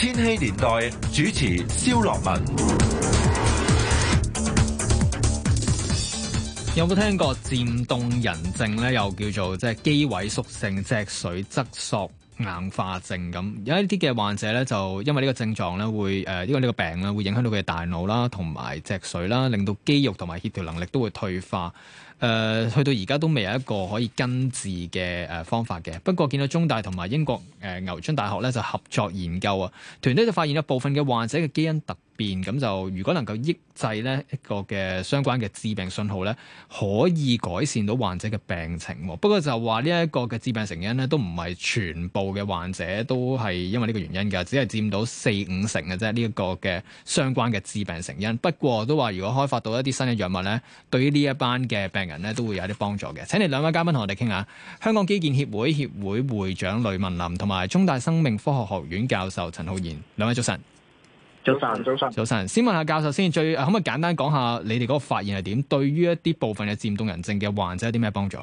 千禧年代主持蕭樂文， 有冇聽過漸凍人症呢？又叫做即係肌萎縮性脊髓側索硬化症咁，有一啲嘅患者咧，就因為呢個症狀咧，會、呃、誒因為呢個病咧，會影響到佢嘅大腦啦，同埋脊髓啦，令到肌肉同埋協調能力都會退化。誒、呃，去到而家都未有一個可以根治嘅誒方法嘅。不過見到中大同埋英國誒牛津大學咧就合作研究啊，團隊就發現有部分嘅患者嘅基因突。變咁就，如果能夠抑制咧一個嘅相關嘅致病信號咧，可以改善到患者嘅病情。不過就話呢一個嘅致病成因咧，都唔係全部嘅患者都係因為呢個原因㗎，只係佔到四五成嘅啫。呢、這、一個嘅相關嘅致病成因。不過都話如果開發到一啲新嘅藥物咧，對於呢一班嘅病人咧，都會有啲幫助嘅。請你兩位嘉賓同我哋傾下。香港肌健協會協會,會會長呂文林同埋中大生命科學學院教授陳浩然，兩位早晨。早晨，早晨，早晨。先問下教授先，最可唔可以簡單講下你哋嗰個發現係點？對於一啲部分嘅漸凍人症嘅患者有啲咩幫助？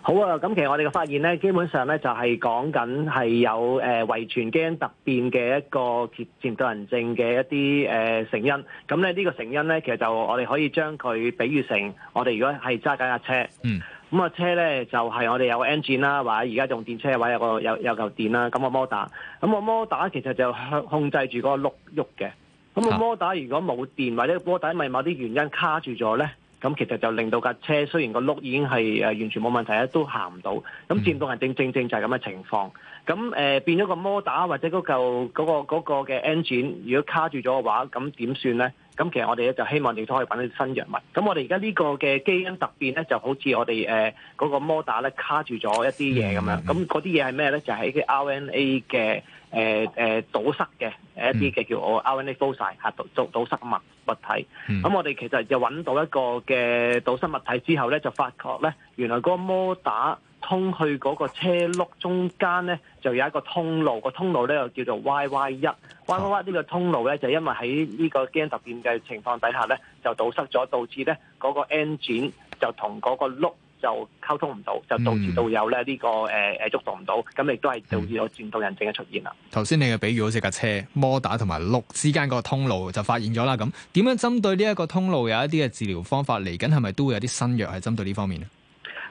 好啊，咁其實我哋嘅發現咧，基本上咧就係講緊係有誒遺傳基因突變嘅一個漸凍人症嘅一啲誒成因。咁咧呢個成因咧，其實就我哋可以將佢比喻成我哋如果係揸緊架車。嗯咁啊車咧就係、是、我哋有 engine 啦，或者而家用電車嘅話有個有有嚿電啦，咁個 motor，咁個 motor 其實就控制住個碌喐嘅。咁個 motor 如果冇電或者個 motor 因為某啲原因卡住咗咧，咁其實就令到架車雖然個碌已經係誒、呃、完全冇問題咧，都行唔到。咁漸凍症正正正就係咁嘅情況。咁誒、呃、變咗個 motor 或者嗰嚿嗰個嘅 engine、那個那個、如果卡住咗嘅話，咁點算咧？咁其實我哋咧就希望你都可以揾到啲新藥物。咁我哋而家呢個嘅基因突變咧，就好似我哋誒嗰個摩打咧卡住咗一啲嘢咁樣。咁嗰啲嘢係咩咧？就係、是、啲 RNA 嘅誒誒堵塞嘅一啲嘅叫我 RNA fossite 嚇，堵堵堵塞物物體。咁、嗯、我哋其實就揾到一個嘅堵塞物體之後咧，就發覺咧原來嗰個摩打，通去嗰個車轆中間咧，就有一個通路，通路呢叫做 YY1，啊、個通路咧又叫做 YY1，YY1 呢個通路咧，就因為喺呢個基因突變嘅情況底下咧，就堵塞咗，導致咧嗰、那個引擎就同嗰個轆就溝通唔到，就導致到有咧呢、這個誒誒、呃、郁動唔到，咁亦都係導致咗漸凍人症嘅出現啦。頭先、嗯嗯、你嘅比喻好似架車摩打同埋轆之間個通路就發現咗啦，咁點樣針對呢一個通路有一啲嘅治療方法，嚟緊係咪都會有啲新藥係針對呢方面咧？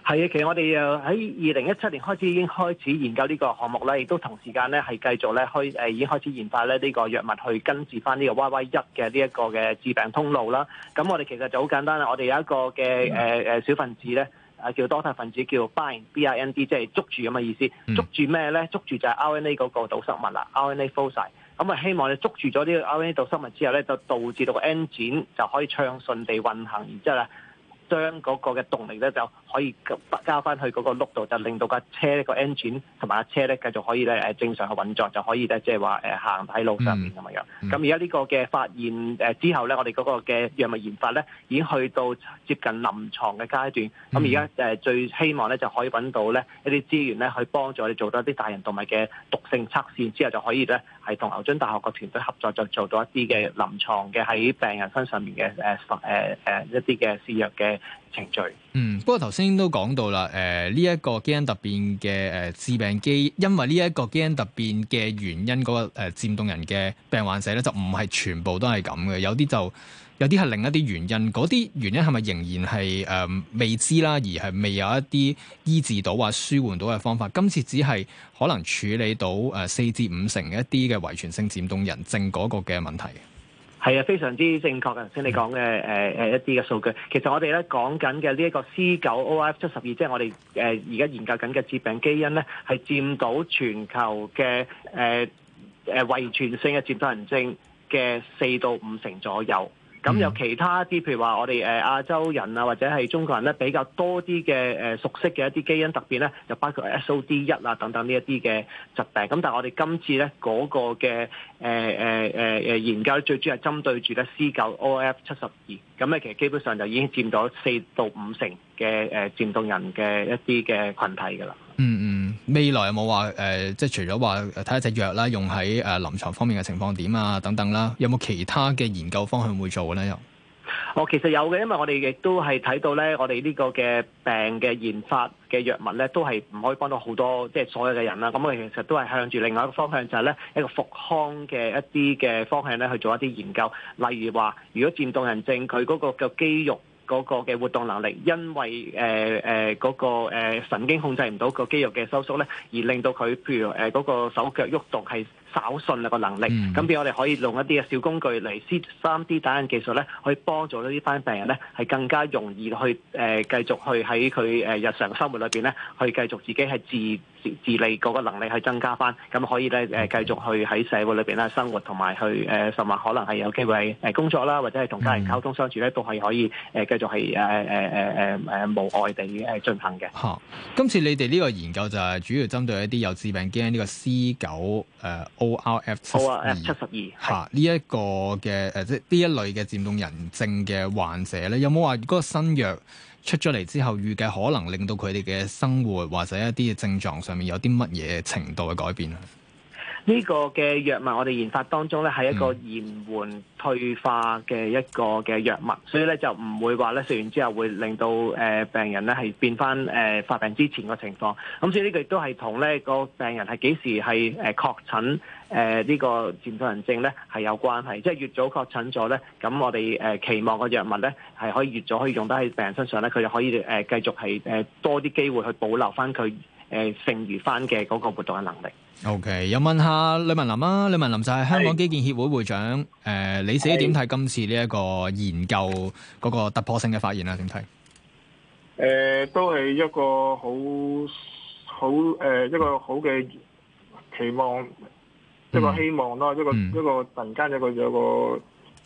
係啊，其實我哋又喺二零一七年開始已經開始研究呢個項目咧，亦都同時間咧係繼續咧開誒已經開始研發咧呢個藥物去根治翻呢個 y y 一嘅呢一個嘅治病通路啦。咁我哋其實就好簡單啦，我哋有一個嘅誒誒小分子咧，啊叫多肽分子，叫 bind B R N D，即係捉住咁嘅意思，捉住咩咧？捉住就係 RNA 嗰個堵塞物啦，RNA 封曬。咁、mm. 啊，希望你捉住咗呢個 RNA 堵塞物之後咧，就導致到 N 展就可以暢順地運行，然之後咧將嗰個嘅動力咧就。可以加翻去嗰個轆度，就令到架車咧個 engine 同埋架車咧繼續可以咧誒正常去運作，就可以咧即係話誒行喺路上面咁樣。咁而家呢個嘅發現誒之後咧，我哋嗰個嘅藥物研發咧已經去到接近臨床嘅階段。咁而家誒最希望咧就可以揾到咧一啲資源咧去幫助我哋做多一啲大型動物嘅毒性測試，之後就可以咧係同牛津大學個團隊合作，就做多一啲嘅臨床嘅喺病人身上面嘅誒誒誒一啲嘅試藥嘅程序。嗯，不過頭先都講到啦，誒呢一個基因突變嘅誒致病基因，因為呢一個基因突變嘅原因嗰、那個誒、呃、漸凍人嘅病患者咧，就唔係全部都係咁嘅，有啲就有啲係另一啲原因，嗰啲原因係咪仍然係誒、呃、未知啦，而係未有一啲醫治到或舒緩到嘅方法，今次只係可能處理到誒四至五成嘅一啲嘅遺傳性漸凍人症嗰個嘅問題。係啊， 非常之正確。頭先你講嘅誒誒一啲嘅數據，其實我哋咧講緊嘅呢一個 C 九 O R F 七十二，即係我哋誒而家研究緊嘅致病基因咧，係佔到全球嘅誒誒遺傳性嘅漸凍人症嘅四到五成左右。咁有、mm hmm. 其他啲，譬如話我哋誒、呃、亞洲人啊，或者係中國人咧比較多啲嘅誒熟悉嘅一啲基因突變咧，就包括 SOD 一啊等等呢一啲嘅疾病。咁但係我哋今次咧嗰個嘅誒誒誒誒研究，最主要係針對住咧 C9orf72。咁咧其實基本上就已經佔咗四到五成嘅誒漸凍人嘅一啲嘅群體㗎啦。嗯嗯、mm。Hmm. 未來有冇話誒，即、呃、係除咗話睇一隻藥啦，用喺誒臨床方面嘅情況點啊，等等啦、啊，有冇其他嘅研究方向會做咧？又、哦，我其實有嘅，因為我哋亦都係睇到咧，我哋呢個嘅病嘅研發嘅藥物咧，都係唔可以幫到好多，即係所有嘅人啦。咁我哋其實都係向住另外一個方向，就係、是、咧，一個復康嘅一啲嘅方向咧去做一啲研究，例如話如果漸凍人症佢嗰個嘅肌肉。嗰個嘅活動能力，因為誒誒嗰個神經控制唔到個肌肉嘅收縮咧，而令到佢譬如誒嗰、呃嗰個手腳喐動係稍遜啦個能力。咁，譬如我哋可以用一啲嘅小工具嚟 3D 打印技術咧，去幫助呢啲班病人咧，係更加容易去誒、呃、繼續去喺佢誒日常生活裏邊咧，去繼續自己係自自理嗰個能力去增加翻，咁可以咧誒、呃、繼續去喺社會裏邊咧生活，同埋去誒，甚至可能係有機會誒工作啦，或者係同家人溝通相處咧，都係可以誒、呃、繼續係誒誒誒誒誒無礙地誒進行嘅。嚇、啊！今次你哋呢個研究就係主要針對一啲有致病基因呢個 C 九誒 ORF 七十二嚇呢一個嘅誒即係呢一類嘅漸凍人症嘅患者咧，有冇話嗰個新藥？出咗嚟之後，預計可能令到佢哋嘅生活或者一啲嘅症狀上面有啲乜嘢程度嘅改變啊？呢個嘅藥物，我哋研發當中咧係一個延緩退化嘅一個嘅藥物，所以咧就唔會話咧食完之後會令到誒、呃、病人咧係變翻誒、呃、發病之前個情況。咁、嗯、所以個呢個亦都係同咧個病人係幾時係誒確診誒呢個漸凍人症咧係有關係，即係越早確診咗咧，咁我哋誒、呃、期望個藥物咧係可以越早可以用得喺病人身上咧，佢就可以誒繼、呃、續係誒、呃、多啲機會去保留翻佢。誒，剩餘翻嘅嗰個活動嘅能力。O K，有問下呂文林啦。呂文林就係香港肌健協會會長。誒是、呃，你自己點睇今次呢一個研究嗰個突破性嘅發現啊？點睇？誒，都係一個好好誒、呃、一個好嘅期望，一個希望咯。嗯、一個、嗯、一個一個突然間有個有個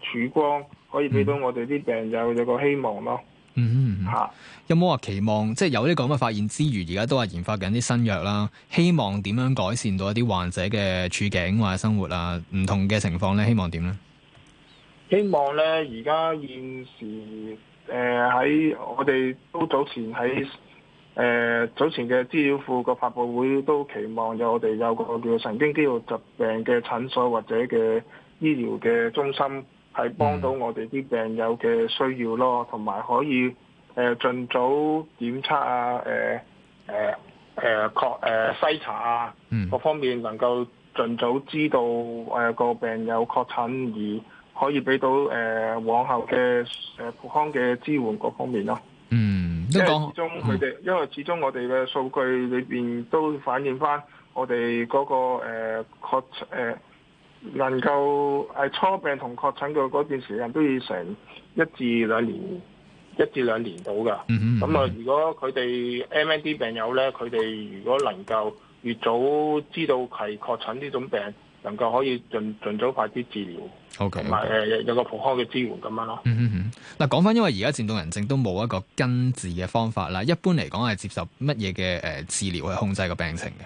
曙光，可以俾到我哋啲病人有個希望咯。嗯嗯吓，有冇話期望？即係有呢個咁嘅發現之餘，而家都係研發緊啲新藥啦，希望點樣改善到一啲患者嘅處境或者生活啊？唔同嘅情況咧，希望點呢？希望咧，而家現，現時誒喺、呃、我哋都早前喺誒、呃、早前嘅資料庫個發布會都期望有我哋有個叫神經肌肉疾病嘅診所或者嘅醫療嘅中心。係幫到我哋啲病友嘅需要咯，同埋可以誒、呃、盡早檢測啊，誒誒誒確誒篩、呃、查啊，嗯、各方面能夠盡早知道誒、呃、個病友確診，而可以俾到誒、呃、往後嘅誒、呃、復康嘅支援各方面咯。嗯，因為始終佢哋，嗯、因為始終我哋嘅數據裏邊都反映翻我哋嗰、那個誒確、呃呃呃呃呃能夠係初病同確診嘅嗰段時間，都要成一至兩年，一至兩年到㗎。咁啊、嗯嗯，如果佢哋 MND 病友咧，佢哋如果能夠越早知道係確診呢種病，能夠可以盡儘早快啲治療。OK，同埋誒有個鋪開嘅支援咁樣咯。嗱、嗯嗯，講返因為而家漸凍人症都冇一個根治嘅方法啦，一般嚟講係接受乜嘢嘅誒治療去控制個病情嘅？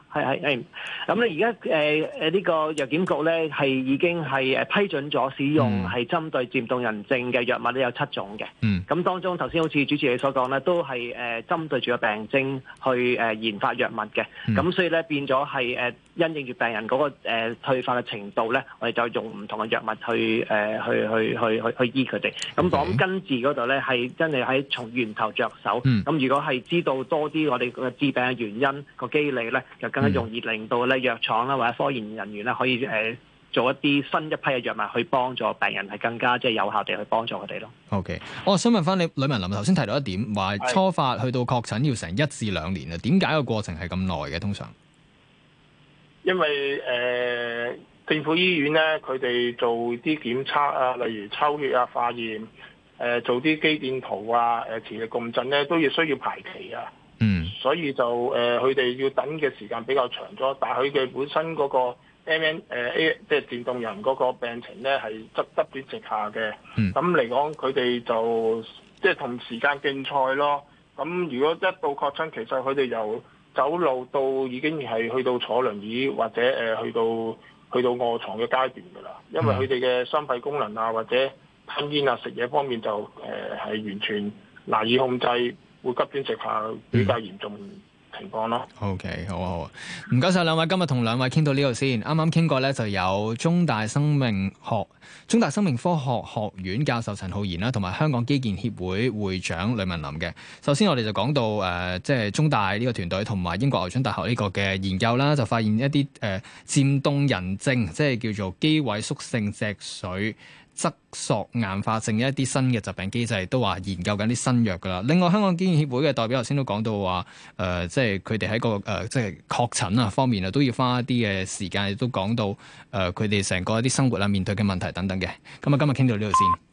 係係係，咁咧而家誒誒呢個藥檢局咧係已經係誒批准咗使用係針對漸凍人症嘅藥物咧有七種嘅，咁當中頭先好似主持你所講咧，都係誒針對住個病徵去誒研發藥物嘅，咁所以咧變咗係誒因應住病人嗰個誒退化嘅程度咧，我哋就用唔同嘅藥物去誒去去去去去醫佢哋。咁講根治嗰度咧係真係喺從源頭着手，咁如果係知道多啲我哋個治病嘅原因個機理咧，就更容易令到咧藥廠啦或者科研人員咧可以誒、呃、做一啲新一批嘅藥物去幫助病人係更加即係有效地去幫助佢哋咯。O K，我想問翻你，呂文林頭先提到一點，話初發去到確診要成一至兩年啊，點解個過程係咁耐嘅？通常因為誒、呃、政府醫院咧，佢哋做啲檢測啊，例如抽血啊、化驗誒、呃、做啲肌電圖啊、誒磁力共振咧，都要需要排期啊。嗯，所以就誒，佢、呃、哋要等嘅時間比較長咗，但係佢嘅本身嗰個 M N 誒 A、呃、即係漸凍人嗰個病情呢係急急轉直下嘅。嗯，咁嚟講佢哋就即係同時間競賽咯。咁如果一到確診，其實佢哋由走路到已經係去到坐輪椅或者誒、呃、去到去到臥床嘅階段㗎啦。因為佢哋嘅心肺功能啊，或者吞嚥啊、食嘢方面就誒係、呃、完全難以控制。會急轉直下，比較嚴重情況咯。OK，好啊，好，啊，唔該晒。兩位，今日同兩位傾到呢度先。啱啱傾過咧，就有中大生命學、中大生命科學學院教授陳浩然啦，同埋香港肌健協會會長呂文林嘅。首先我哋就講到誒，即、呃、係、就是、中大呢個團隊同埋英國牛津大學呢個嘅研究啦，就發現一啲誒漸凍人症，即係叫做肌萎縮性脊髓質索硬化症嘅一啲新嘅疾病機制，都話研究緊啲新藥噶啦。另外，香港肌健協會嘅代表頭先都講到話，誒、呃，即係佢哋喺個誒、呃，即係確診啊方面啊，都要花一啲嘅時間，亦都講到誒，佢哋成個一啲生活啊，面對嘅問題等等嘅。咁啊，今日傾到呢度先。